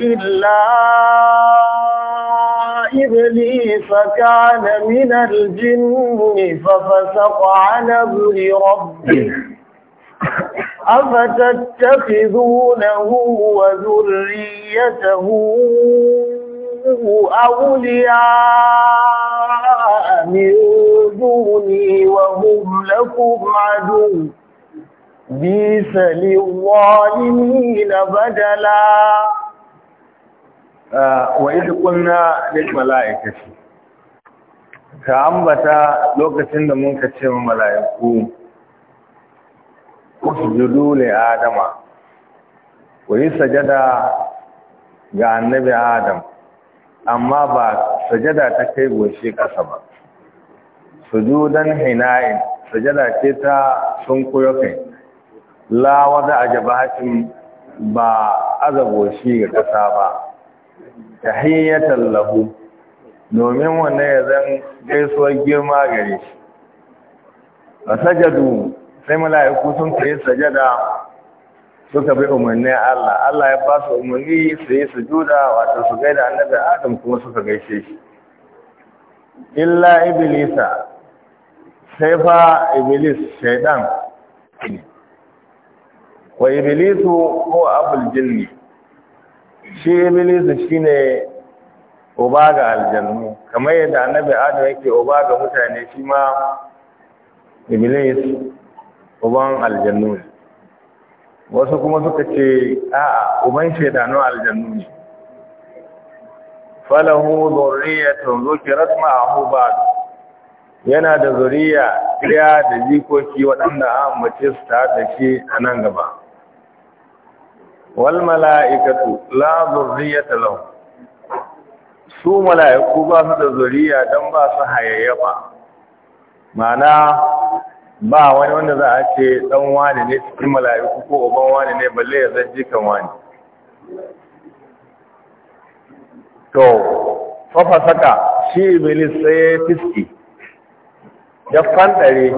إلا إبليس كان من الجن ففسق عن أمر ربه أفتتخذونه وذريته أولياء من دوني وهم لكم عدو badala wa بدلا kunna lil mala'ikati ka ambata lokacin da mun ka ce wa mala'iku usjudu li adama wa sajada ga annabi adam amma ba sajada ta kai goshe kasa ba sujudan hina'in sajada ce ta sunkuyo kai la wada a jabahatin ba shi ga ƙasa ba hanyar lahu domin wanda ya zan gaisuwar girma gare shi a sajadu sai mala'iku sun kai sajada suka bi umarni Allah Allah ya ba su umarni su yi su sujuda wata su gaida annabi Adam kuma suka gaishe shi illa iblisa sai fa iblis shaidan ne wa ibilisu ko abul jinni shi ibilisu shine uba ga aljannu kamar yadda annabi adam yake uba ga mutane shi ma Ibilis, uban aljannu ne wasu kuma suka ce a'a uban shaidanun aljannu ne falahu zurriyatun zukirat ma'ahu ba'd yana da zuriya ɗaya da jikoki waɗanda an mace su ta shi a nan gaba wal mala'ikatu la zurriyata lahum su mala'iku ba su da zuriya dan ba su hayayyafa ma'ana ba wani wanda za a ce ɗan wani ne cikin mala'iku ko uban wani ne balle ya zaji kan wani to fafa saka shi iblis sai fiski ya fandare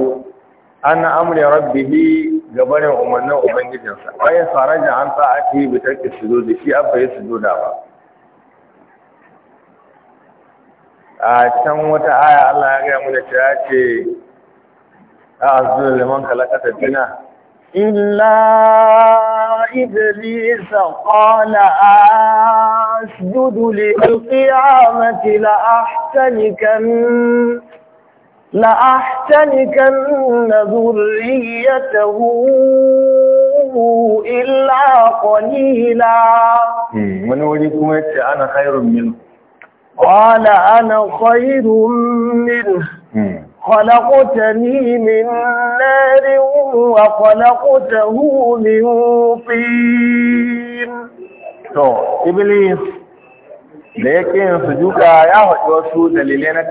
an amri rabbihi gabarin umarnin ubangijinsa bayan tsaron da an sa ake yi bitar ke su da shi an ya su da ba a can wata aya Allah ya gaya mana cewa ce a azu liman kalakata dina illa إبليس قال أسجد للقيامة لأحتنكن لأحتنكن ذريته إلا قليلا من وليكم يتي أنا خير منه قال أنا خير منه خلقتني من نار وخلقته من طين تو إبليس لكن سجوك يا sujuka ya haɗu wasu dalilai na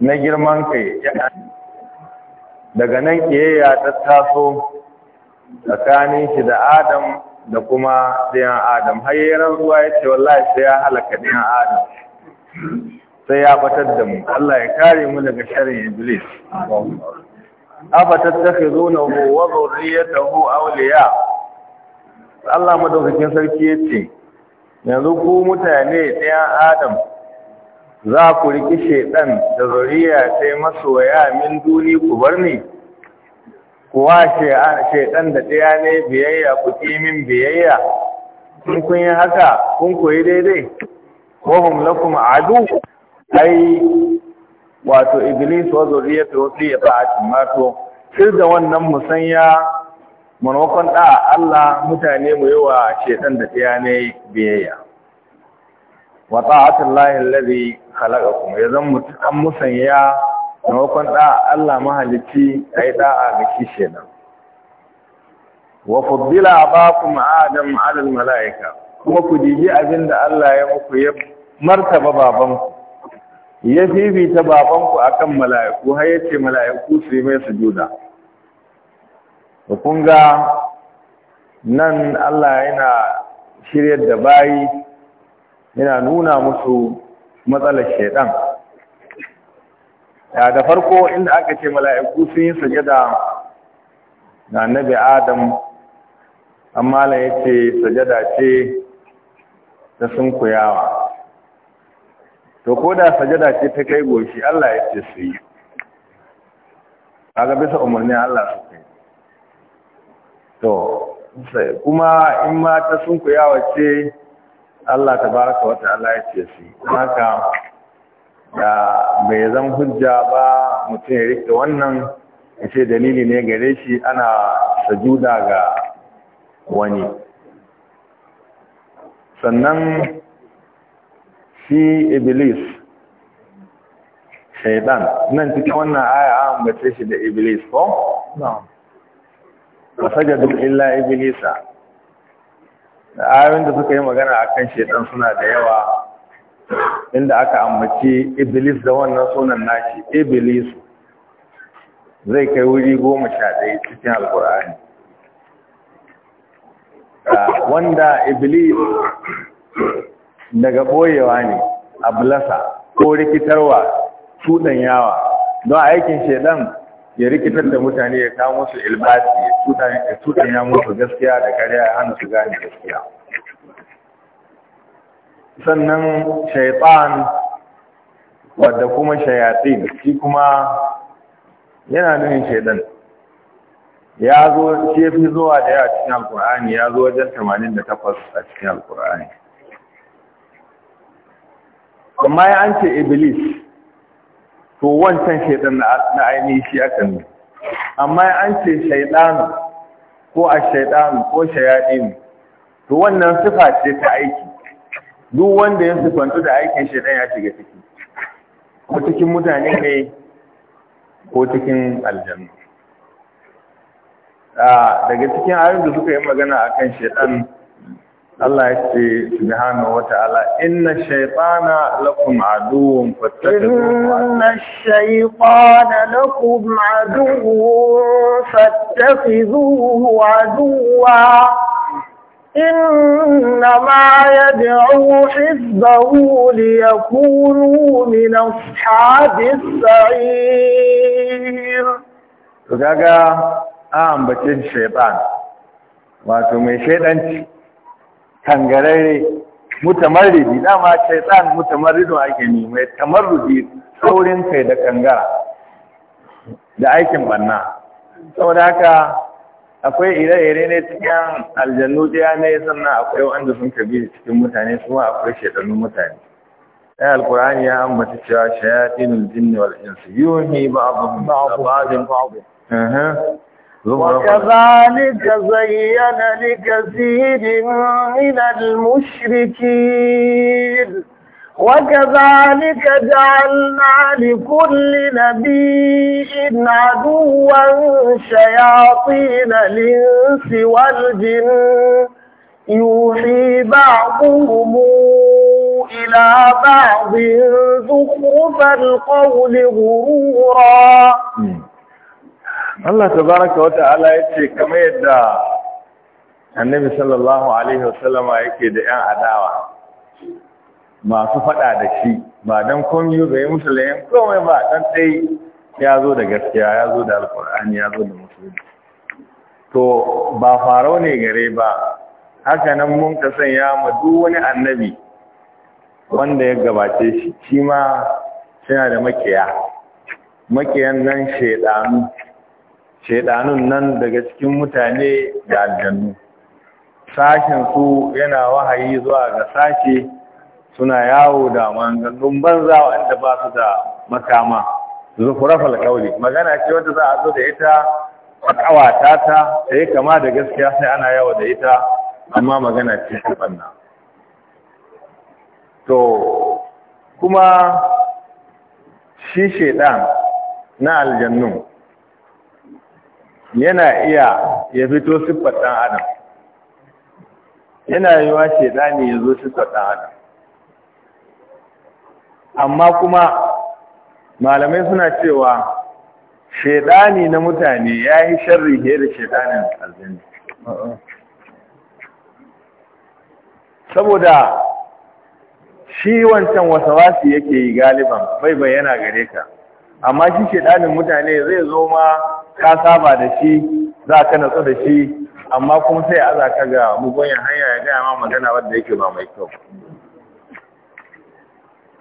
na girman kai daga nan ya ta taso tsakanin shi da adam da kuma ɗayan adam har yi rantsuwa ya ce wallahi sai ya halaka ɗayan adam sai ya batar da mu Allah ya kare mu daga sharin iblis afatattakhizunahu wa dhurriyyatahu awliya Allah madaukakin sarki yace yanzu ku mutane ɗayan adam za ku riƙi shaiɗan da zuriya sai masoya min duni ku bar ni kuwa shaiɗan da ɗaya ne biyayya ku ƙi min biyayya kun kun yi haka kun koyi daidai hum lakum adu ai wato iblis wa ya ba ta'ati mato sai da wannan musanya manokon da Allah mutane mu yi wa shaiɗan da ɗaya ne biyayya wa ta'atul lari halaga kuma ya zan mutu an musanya wakon da Allah mahalicci yi da'a ga kishe nan wa fuddila ba ku ala malaika kuma ku abin da Allah ya muku ya martaba babanku ya fifita babanku a kan mala'iku har yace mala'iku su yi mai sujuda kun ga nan Allah yana shirya da bayi yana nuna musu matsalar shaidan da farko inda aka ce mala'iku sun yi sajada na nabi adam amma la ya ce sajada ce ta sunkuyawa to ko da sajada ce ta kai goshi Allah ya ce su yi A ga bisa umarni Allah su kai to kuma in ma ta sunkuyawa ce Allah ta baraka wata Allah ya ce shi haka da bai zan hujja ba mutum ya rike wannan ya ce dalili ne gare shi ana sajuda ga wani sannan shi iblis shaidan nan cikin wannan aya an ambace shi da iblis ko? na masajadun illa iblisa ayoyin da suka yi magana a kan shaidan suna da yawa inda aka ambaci iblis da wannan sunan nashi iblis zai kai wuri goma sha ɗaya cikin alkur'ani ah, wanda iblis daga ɓoyewa ne a blasa ko rikitarwa yawa don aikin shaidan? ya rikitar da mutane ya kawo su ilbasi ya tutan ya musu gaskiya da karya ya su gane gaskiya sannan shaitan wadda kuma shayatin shi kuma yana nuna shaidan ya zo shi fi zuwa da yawa cikin alkur'ani ya zo wajen tamanin da 88 a cikin alkur'ani amma ya an ce iblis to wancan shaidan na ainihi shi aka ne amma an ce shaidan ko a shaidan ko ne. to wannan sifa ce ta aiki duk wanda ya sifantu da aikin shaidan ya shiga ciki ko cikin mutane ne ko cikin aljanna ah, daga cikin abin da suka yi magana akan shaidan Allah ya ce subhanahu wata'ala inna shaytana lakum aduwwun fattakhidhuhu aduwwa Inna ma ya bi ruhi zauli min ashabis sa'ir. Tukaga, an ambacin shaiɓan, wato mai shaiɗanci, tangarare mutamarridi dama tsan mutamarridin ake nema tamarrudi saurin kai da kangara da aikin banna saboda haka akwai ire-ire ne cikin aljannu ɗaya ne sannan akwai wanda sun kabi cikin mutane kuma akwai shaidanun mutane ɗaya alkur'ani ya ambata cewa shayatinul jinni wal insu yuhi ba'dhum ba'dhum ba'dhum وكذلك زين لكثير من المشركين وكذلك جعلنا لكل نبي عدوا شياطين الإنس والجن يوحي بعضهم إلى بعض زخرف القول غرورا Allah Ta Wata Ala Ya ce kamar yadda Annabi sallallahu alaihi wasallama yake da yan adawa masu fada da shi ba don komai ba yi musu layin komai ba dan dai ya zo da gaskiya ya zo da alqur'ani ya zo da musulmi to ba faro ne gare ba haka nan mun ka sanya ma duk wani annabi wanda ya gabace shi shi ma suna da makiya makiyan nan shaidanu shaidanun nan daga cikin mutane da aljannu sashen su yana wahayi zuwa ga sashe suna yawo da mangannun banza wanda ba su da makama zufurafal kauli magana ce wanda za a zo da ita a kawata ta da ya kama da gaskiya sai ana yawo da ita amma magana ce ta banna to kuma shi shaidan na aljannun yana iya ya fito siffar ɗan adam yana yi yiwa shaidani ya zo siffar ɗan adam amma kuma malamai suna cewa shaidani na mutane ya yi sharri ke da shaidanin aljanna saboda shi wancan wasawasi yake yi galiban bai bayyana gare ka amma shi shaidanin mutane zai zo ma ka saba da shi za ka natsu da shi amma kuma sai a za ka ga mugoyin hanya ya gaya ma magana wadda yake ba mai kyau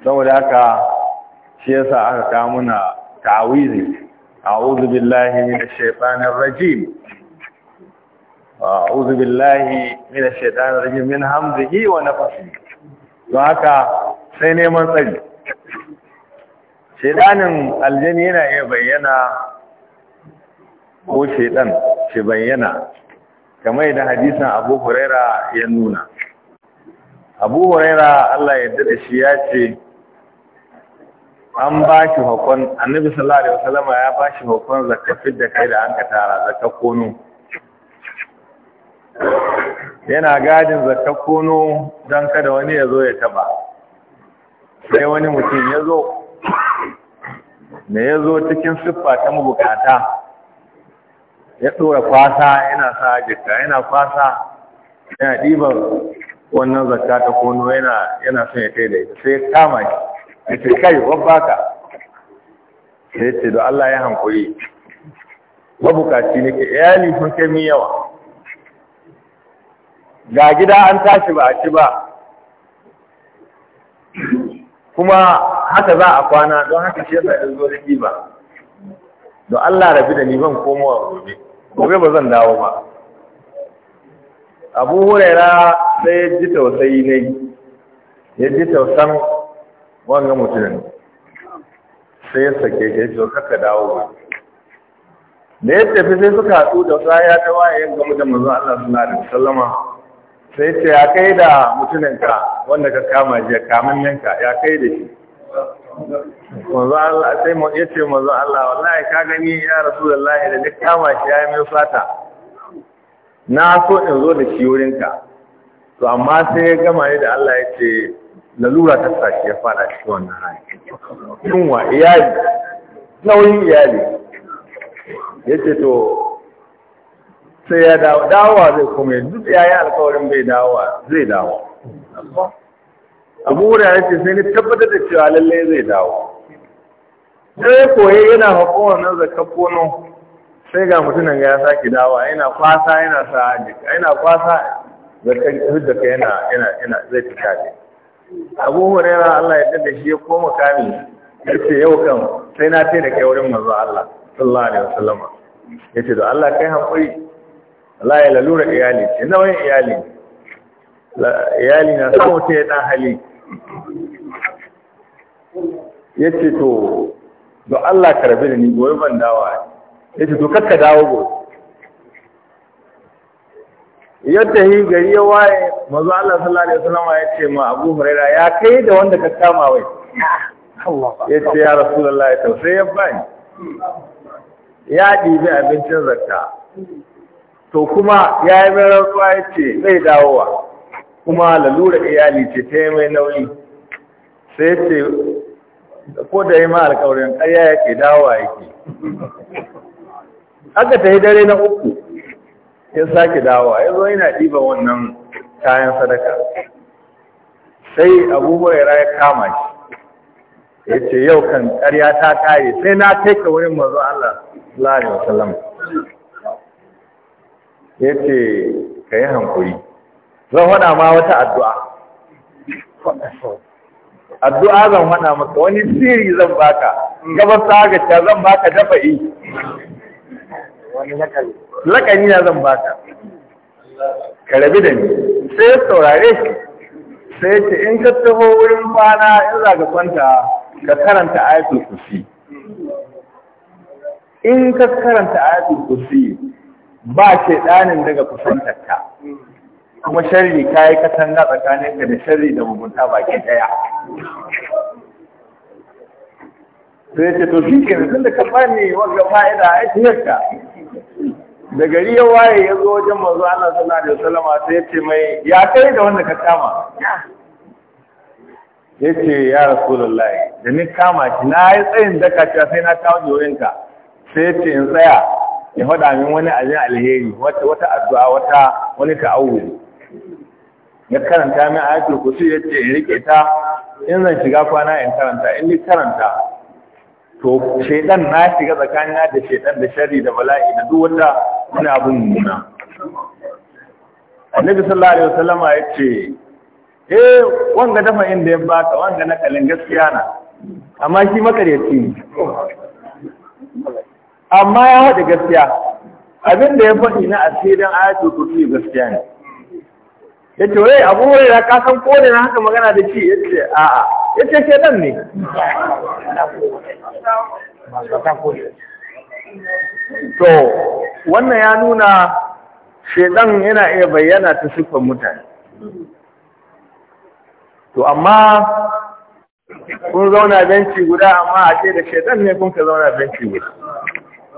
saboda haka shi yasa aka kawo muna ta'awizi a'udhu billahi minash shaitanir rajim a'udhu billahi minash shaitanir rajim min hamzihi wa nafsihi don haka sai neman tsari shaitanin aljani yana iya bayyana ko shaidan shi bayyana kamar yadda hadisan abu huraira ya nuna abu huraira allah ya da shi ya ce an ba shi hukun annabi sallallahu alaihi wasallam ya ba shi hukun zakafin da kai da an ka tara zakakono yana gadin zakakono don kada wani ya zo ya taba sai wani mutum ya zo me ya zo cikin siffa ta mabukata ya ɗora kwasa yana sa jikka yana kwasa yana ɗiban wannan zakka ta kono yana yana son ya kai da ita sai kama shi ya ce kai wabbaka sai ce da Allah ya hankuri mabukaci ne ke iyali sun kai min yawa ga gida an tashi ba a ci ba kuma haka za a kwana don haka shi yasa in zo da ba don Allah rabi da ni ban komowa gobe gobe ba zan dawo ba abu huraira sai ya ji tausayi ne ya ji tausan wannan mutumin sai ya sake ya ce kaka dawo ba da ya tafi sai suka haɗu da wasu ya ta waye yin gamu da manzon Allah suna da wasallama sai ce ya kai da mutumin ka wanda ka kama jiya kamin yanka ya kai da shi manzo Allah sai mu yace manzo Allah wallahi ka gani ya rasulullahi da duk kama shi ya mai fata na so in zo da shi wurinka to amma sai ya gama ne da Allah ya ce lalura ta sashi ya fada shi wannan hali wa iyali nauyin iyali ya ce to sai ya dawo dawowa zai kuma duk yayi alkawarin bai dawowa zai dawo abu ya ce sai ni tabbatar da cewa lalle zai dawo sai koye yana haƙo nan zaka kono sai ga mutumin ya sake dawa yana kwasa yana sa yana kwasa zakar hudda ka yana yana yana zai fita ne abu hurera Allah ya dade shi ya koma kami ya ce yau kan sai na tai da kai wurin manzo Allah sallallahu alaihi wasallam ya ce da Allah kai hankuri Allah ya lalura iyali ce nawa iyali iyali na samu ta yi ɗan hali ya ce to don Allah karbe da ni goyi ban dawa ya ce to kakka dawo gobe yadda yi gari ya waye mazu Allah sallallahu alaihi wasallam ya ce ma Abu Hurairah ya kai da wanda ka kama wai ya ce ya Rasulullah ya sai ya bani ya ɗibi abincin zakka to kuma ya yi mai rantsuwa ya ce zai dawowa kuma lalura iyali ce ta yi mai nauyi sai ce ko da yi ma alƙawarin ƙarya yake dawowa yake aka ta yi dare na uku ya sake dawowa ya zo yana ɗiba wannan kayan sadaka sai abubuwa ya kama shi ya ce yau kan ƙarya ta kare sai na kai ka wurin mazu Allah lalai wasallam ya ce ka yi hankuri zan faɗa ma wata addu'a addu'a zan hana maka wani siri zan baka gaba ta zan baka dafa'i lakani na zan baka ka rabi da ni sai ya saurare shi sai ce in ka taho wurin kwana in za ka kwanta ka karanta ayatul kursi in ka karanta ayatul kursi ba danin daga kusantarka kuma sharri ka yi katanga tsakaninka da sharri da mugunta baki ɗaya sai ce to shi ke tun da ka bani wanga fa'ida a tiyarka da gari ya waye ya zo wajen mazu ana suna da salama sai ce mai ya kai da wanda ka kama ya ce ya rasulullahi da ni kama ki na yi tsayin daka cewa sai na kawo ka." sai ya ce in tsaya ya faɗa min wani abin alheri wata addu'a wata wani ta'awuli ya karanta min ayatul kursi ya ce in rike ta in zan shiga kwana in karanta in ni karanta to shaidan na shiga tsakanin da shaidan da shari da bala'i da duk wanda wani abun nuna annabi sallallahu alaihi wasallam ya ce eh wanga dafa inda ya baka wanga na kalin gaskiya na amma shi makaryaci amma ya haɗa gaskiya abin da ya faɗi na asirin ayatul kursi gaskiya ne ya ce wai abu wani na kasan kone na haka magana da ci ya ce a'a ya ce ke nan ne to wannan ya nuna shedan yana iya bayyana ta siffar mutane to amma kun zauna benci guda amma a ce da shedan ne kun ka zauna benci guda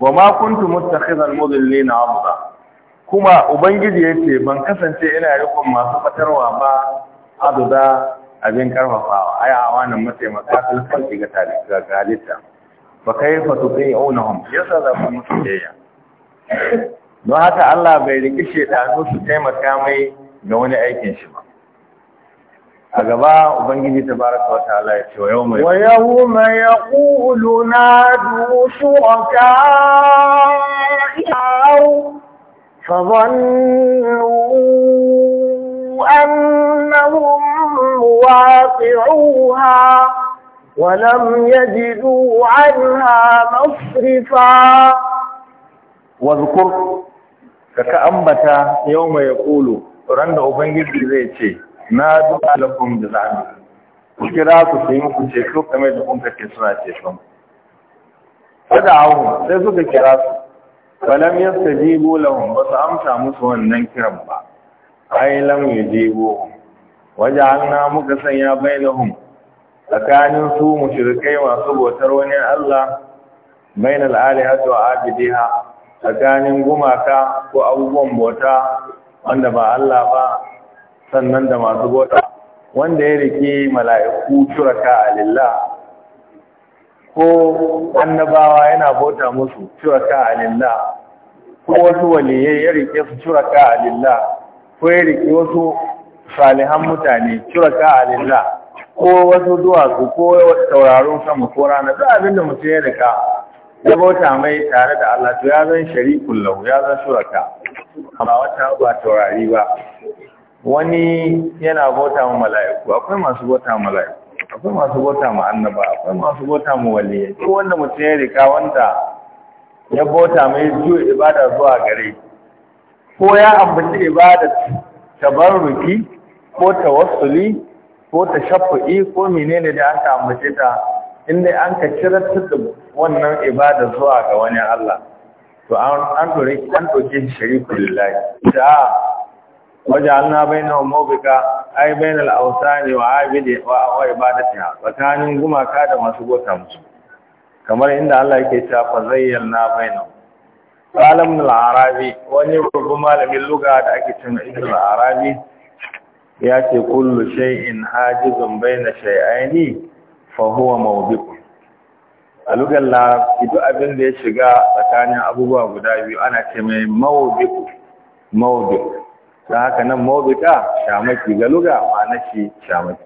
wa ma kuntu muttakhidhal mudillina abda kuma ubangiji yace ban kasance ina rikon masu fatarwa ba aduda abin karfafawa aya a wannan mataimaka sun ga talika ga kai fa kaifa tuqi'unhum yasa za ku mutu don haka Allah bai riki shedanu su taimaka mai ga wani aikin shi ba a gaba ubangiji ta bar ka wata ala ce wa yau mai wa yau mai ya kulu na dusu a ka yau fabannu annahun waƙi'uha walam yajidu anha masrifa wa zukur ka ka ambata yau mai ya ran da ubangiji zai ce na duka lakum da zaɓi ku kira su sai muku ceto kamar da kun ke suna ceton kada hau sai suka kira su falam yastajibu lahum ba su amsa musu wannan kiran ba ai lam an na muka sanya bai bainahum tsakanin su mushrikai masu bautar wani Allah bainal alihati wa abidiha tsakanin gumaka ko abubuwan bauta wanda ba Allah ba sannan da masu bota wanda ya rike mala'iku shuraka lillah ko annabawa yana bota musu shuraka lillah ko wasu waliyai ya rike su shuraka lillah ko ya rike wasu salihan mutane shuraka lillah ko wasu duwatsu ko tauraron sama ko rana za abin da mutum ya rika ya bauta mai tare da Allah to ya zan shari'ul kullum, ya zan turaka amma wata ba taurari ba wani yana bauta ma mala'iku akwai masu bauta ma mala'iku akwai masu bauta ma annaba akwai masu bauta ma waliyai ko wanda mutum ya rika wanda ya bauta mai zuwa ibada zuwa gare ko ya ambaci ibada ta tabarruki ko ta wasuli, ko ta tashaffu'i ko menene da aka ambaci ta inda an ka ciratar da wannan ibada zuwa ga wani Allah to an an tore an toke shi shariku lillahi da وجعلنا بينهم موبقا أي بين الأوثان وعابد وعبادتها وكانوا كما كاد مسبوتا مسبوتا كما عند الله يكيشا فزيلنا بينهم قال ابن العربي wani babban malamin lugha da ake cewa ibn arabi ya ce kullu shay'in hajizun baina shay'aini fa huwa mawdiq a lugar larabci duk abin da ya shiga tsakanin abubuwa guda biyu ana ce mai mawdiq da haka nan mawabita shamaki galuga ma'ana shi shamaki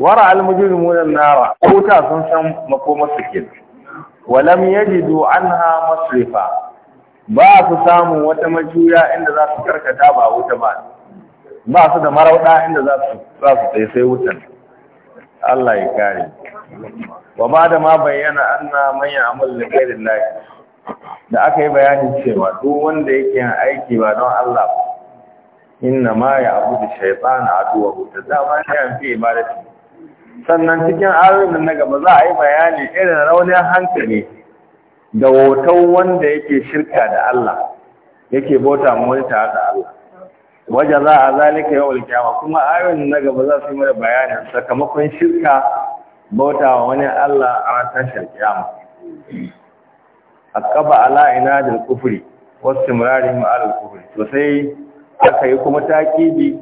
wara munan nara kuta sun san makomar su walam yajidu anha masrifa ba su samu wata majuya inda za su karkata ba wuta ba ba su da marauda inda za su za tsaye sai wutan Allah ya kare wa ba da ma bayyana anna man ya'mal li ghayri da aka yi bayanin cewa duk wanda yake aiki ba don Allah ba inna ma ya abu da shaitan a aduwa hutu dama shi an fi imarati sannan cikin ayoyin na gaba za a yi bayani irin raunin hankali da hoton wanda yake shirka da Allah yake bauta mu wani tare da Allah waje za a zalika yau alkiyama kuma ayoyin na gaba za su yi mana bayani sakamakon shirka bauta wa wani Allah a ranar shirkiyama a kaba ala ina da kufuri wasu murari ma'al kufuri to sai aka yi kuma takibi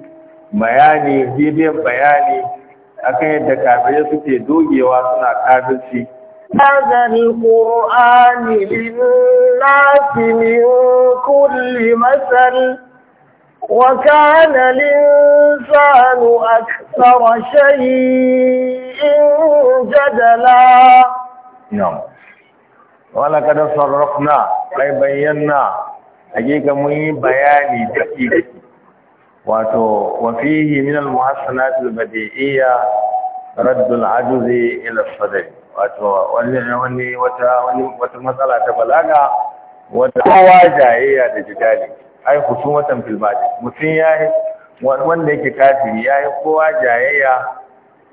bayani bibiyan bayani akan yadda kafirai suke dogewa suna kafirci Azan Ƙor'ani lillahi min kulli masal wa kana linsanu aktsara shay'in jadala Na'am Wa laqad sarrafna ay bayyana hakika mun yi bayani da ke wato wafi fihi min al muhassanat al badi'iyya radd al ajuz ila al wato wani wani wata wani wata matsala ta balaga wata kowa jayayya da jidali ai husumatan filmati badi mutun yayi wanda yake kafiri yayi kowa jayayya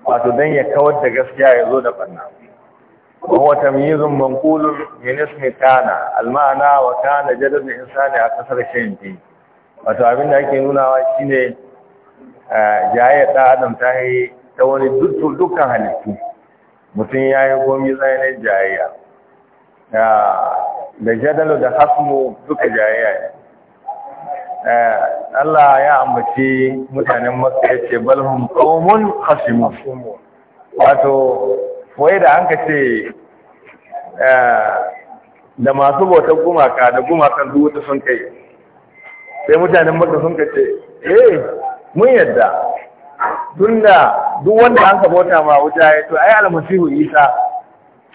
wato dan ya kawar da gaskiya ya zo da barna وهو تمييز منقول من اسم كان المعنى وكان جدد الإنسان أكثر شيء nuna وتعبين shine نونا وشيني جاية آدم تاهي ta wani dukkan هلكي mutum ya yi gomi tsayanin jayayya da jadalu da hasmu duka jayayya Allah ya ambaci mutanen masu ya ce balhum wato wai da an ka ce eh, da masu bautar gumaka da gumakan duk wata sun kai sai mutanen maka sun ka ce eh mun yadda tunda duk wanda an ka bauta ma wuta ya to ai almasihu isa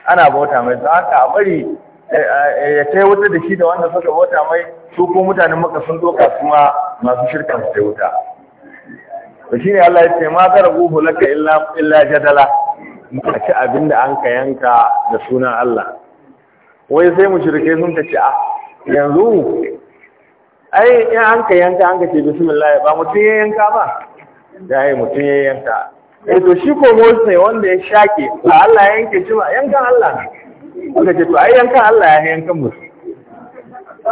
ana bauta mai don aka a bari eh, eh, ya kai wuta da shi da wanda suka bauta mai su ko mutanen maka sun doka kuma masu shirkan su ta wuta Shi ne Allah ya ce ma zarabu laka illa illa jadala ba ci abin da an ka yanka da sunan Allah wai sai mu shirke sun ta ci a ah, yanzu ai in an ka yanka an ka ce bismillah ba mutum ya yanka ba da yi mutum ya yanka eh to shi ko Moses wanda ya shake ba Allah ya yanke shi ba yankan Allah aka ce to ai yankan Allah ya yanka musu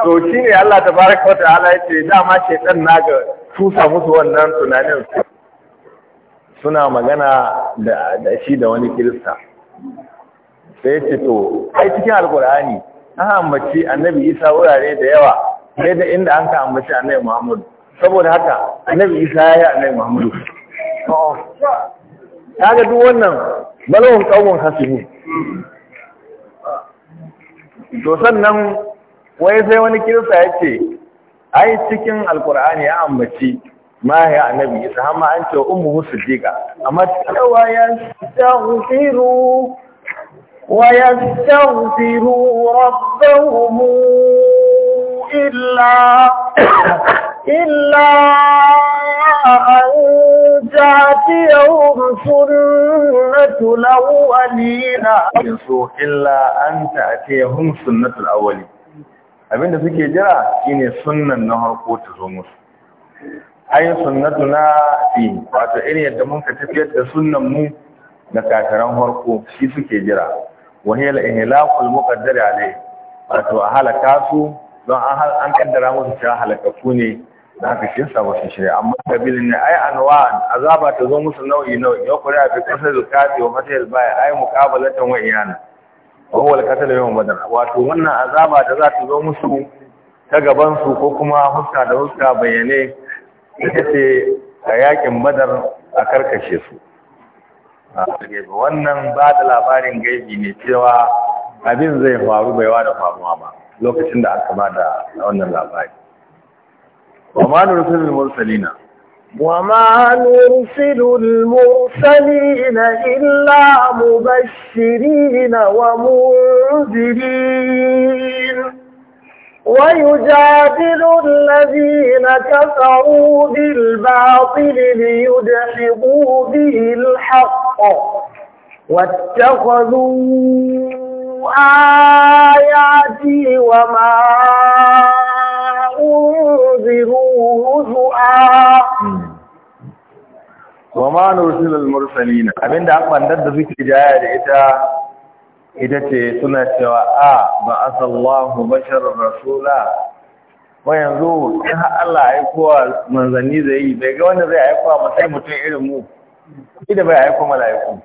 to shine Allah tabaraka wa ta'ala ce dama na naga tusa musu wannan tunanin suna magana da shi da wani kirista sai ya ce to ai cikin alkur'ani an ambaci annabi isa wurare da yawa sai da inda an ka ambaci annabi muhammadu saboda haka annabi isa ya yi annabi muhammadu oh. ta ga duk wannan balawun ƙaunin hasibu to sannan wai sai wani kirista ya ce ai cikin alkur'ani ya ambaci ما هي النبي يسهم أنت وأمه الصديقة أما يستغفروا ويستغفروا ربهم إلا إلا أن تأتيهم سنة الأولين إلا أن تأتيهم سنة الأولين abinda suke jira shine sunnan na harko ta zo musu sunnatu na fi wato irin yadda mun ka tafiyar da sunnan mu na kakaran harko shi suke jira wa hiya al-ihlaqul a alayhi wato a halaka su don an kaddara musu cewa halakaku ne da haka shi yasa wasu shirya amma kabilin ne ai anwan azaba ta zo musu nau'i nau'i ya kuri a fi kasar kafi wa fatayil baya ai muqabalatan wa iyana wa huwa al-qatl yawm badr wato wannan azaba ta za ta zo musu ta gaban su ko kuma huska da huska bayyane ita ce a yakin badar a karkashe su wannan ba da labarin gaibi ne cewa abin zai faru baiwa da faruwa ba lokacin da aka ba da wannan labari wa ma nursilul mursalina wa ma mursalina illa bashirina wa munzirin ويجادل الذين كفروا بالباطل ليدحضوا به الحق واتخذوا آياتي وما أنذروا هزؤا وما نرسل المرسلين mursalin abinda an bandar ذكر suke ita ce suna cewa a ba asallahu bashar rasula Ba yanzu in har Allah ya aikowa manzanni zai yi bai ga wanda zai aikowa ba sai mutum irin mu da bai aiko mala'iku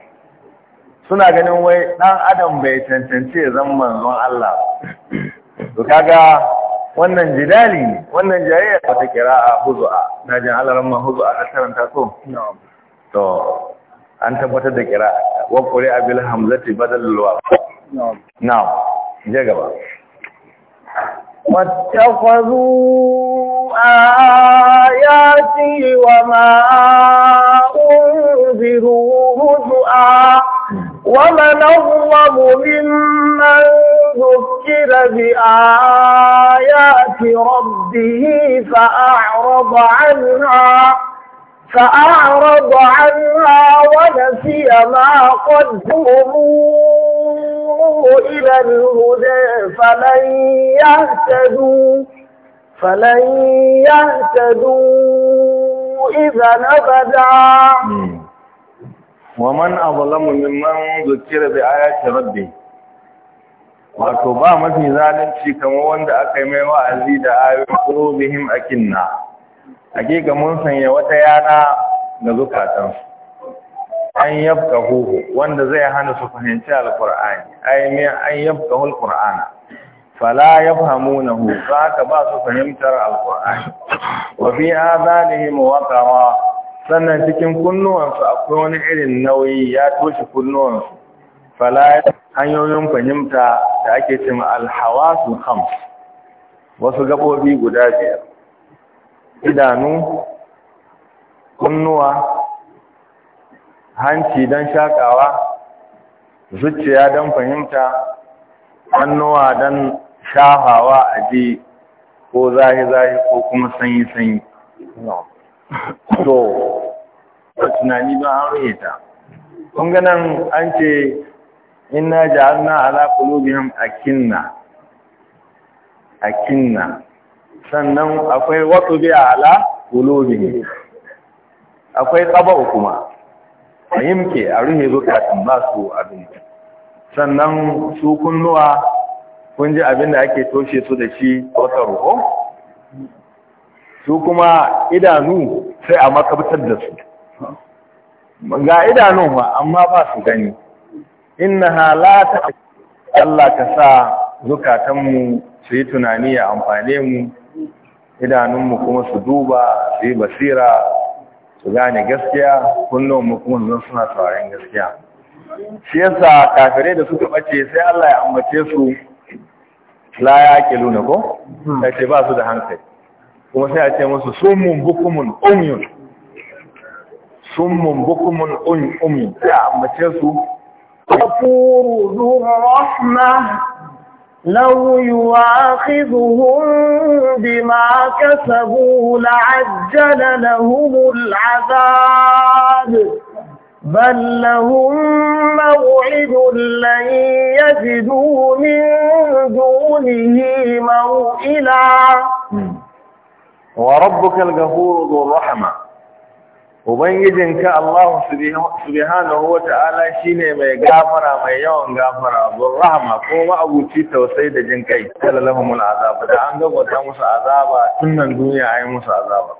suna ganin wai dan adam bai cancanci ya zama manzon Allah to kaga wannan jidali ne wannan jayayya kira a huzu'a na jin ran ma huzu'a na karanta so to an tabbatar da kira wa kuri abil hamzati badal lawa na'am je gaba wattakhadhu ayati wa ma unziru hu'a ومن الله ممن ذكر بآيات ربه فأعرض عنها فأعرض عنها ونسي ما قدموا إلى الهدى فلن يهتدوا فلن يهتدوا إذا أبدا ومن أظلم ممن ذكر بآيات ربه wato مثل ذلك zalunci kamar wanda aka yi mai wa'azi ga mun sanya wata yana ga zukatansu an yabka huhu wanda zai hana su fahimci alkur'ani ai me an yabka alkur'ana fala yafhamunahu ka ba su fahimtar alkur'ani wa fi azalihi waqara sannan cikin kunnuwansu akwai wani irin nauyi ya toshe kunnuwansu fala hanyoyin fahimta da ake cewa alhawasu khams wasu gabobi guda biyar idanu kunnuwa hanci don shaƙawa zuciya don fahimta hannuwa don shahawa a ji ko zahi-zahi ko kuma sanyi-sanyi to ba tunani don an rufe ta kun nan an ce ina na ala qulubihim akinna akinna sannan akwai wasu biya ala ne akwai qaba'u kuma yimke a rihe zukatan ba su abin sannan su kunnuwa kun ji abin da ake toshe su da shi wata ruho su kuma idanu sai a makabtar da su ga idanu ma amma ba su gani inna halata Allah ka sa zukatanmu su yi tunani ya amfane mu idanunmu kuma su duba su yi basira su gane gaskiya kullum kuma zan suna tsawarin gaskiya shi yasa kafirai da suka bace sai Allah ya ambace su la ke luna ko sai hmm. ba su da hankali kuma sai a ce musu summun bukumun umyun summun bukumun um-, umyun sai ambace su kafuru zuwa rahma لو يواخذهم بما كسبوا لعجل لهم العذاب بل لهم موعد لن يجدوا من دونه موئلا وربك الغفور ذو الرحمه Ubangijinka Allah subhanahu wa ta'ala shi ne mai gafara mai yawan gafara, zuwa rahama ko ma'abuci tausai da jin kai, mula azaba, da an gabata musu azaba tun nan duniya a yi musu azaba.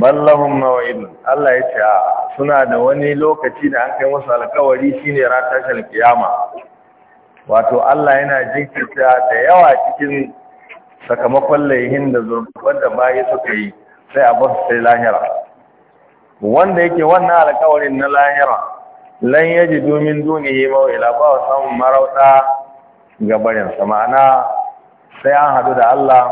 Ballahun mawa'idun, Allah ya ce, suna da wani lokaci da an kai musu alkawari shi ne ratashin kiyama. Wato, Allah yana jinkirta da yawa cikin sakamakon laihin da zurfafar da bayi suka yi sai a basu sai lahira. wanda yake wannan alƙawarin na lahira lan yaji domin dunihi mawila ba wa samun marauta ga barinsa ma'ana sai an haɗu da Allah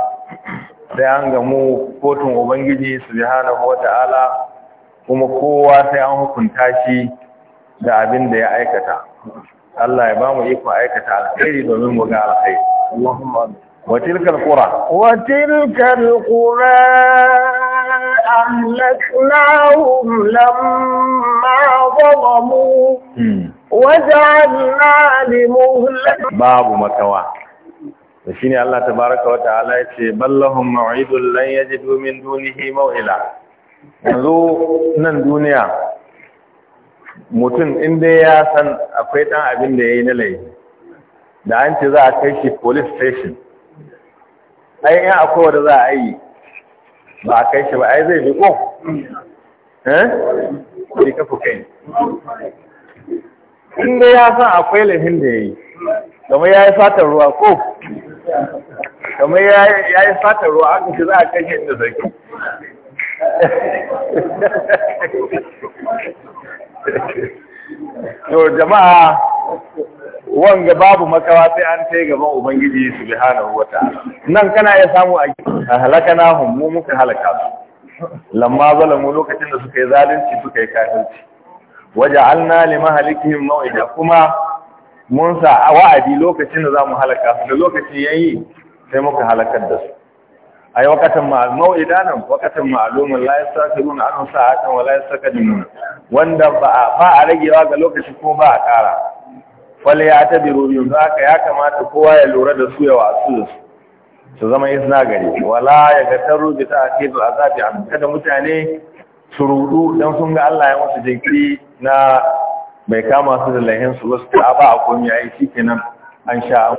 sai an mu kotun ubangiji subhanahu wata'ala kuma kowa sai an hukunta shi da abin da ya aikata Allah ya ba mu iko aikata alkhairi domin mu ga alkhairi Allahumma wa tilkal qura wa tilkal qura أهلكناهم لما ظلموا وجعلنا لمهلك باب مكوى shine Allah tabaraka wa ta'ala yace ballahum maw'idun lan yajidu min dunihi maw'ila yanzu nan duniya mutum inda ya san akwai dan abin da yayi na laifi da an ce za a kai shi police station ai in akwai wanda za a yi ba a kai shi ba ai zai ko eh ka kafa kai inda ya san akwai lahin da yayi kamar ya yi fatar ruwa ko kamar ya yi fatar ruwa aka shi za a kashe inda sarki to jama'a wanga babu makawa sai an kai gaban ubangiji subhanahu wataala nan kana ya samu a halakana hum mu muka halaka su lamma zalamu lokacin da suka yi zalunci suka yi kafirci waja'alna mahalikihim maw'ida kuma mun sa wa'adi lokacin da zamu halaka su da lokacin yayi sai muka halakar da su ai wakatan ma maw'ida nan wakatan ma'lumun la yastakiruna an sa'atan wa la yastakdimuna wanda ba ba a ragewa ga lokaci ko ba a kara wale ya ta biro yanzu haka ya kamata kowa ya lura da su ya wasu su zama isna gari wala ya ga taro bi ta ake da azabi a kada mutane su rudu don sun ga Allah ya musu jinkiri na bai kama su da lahinsu su ba su ba a komai ai kenan an sha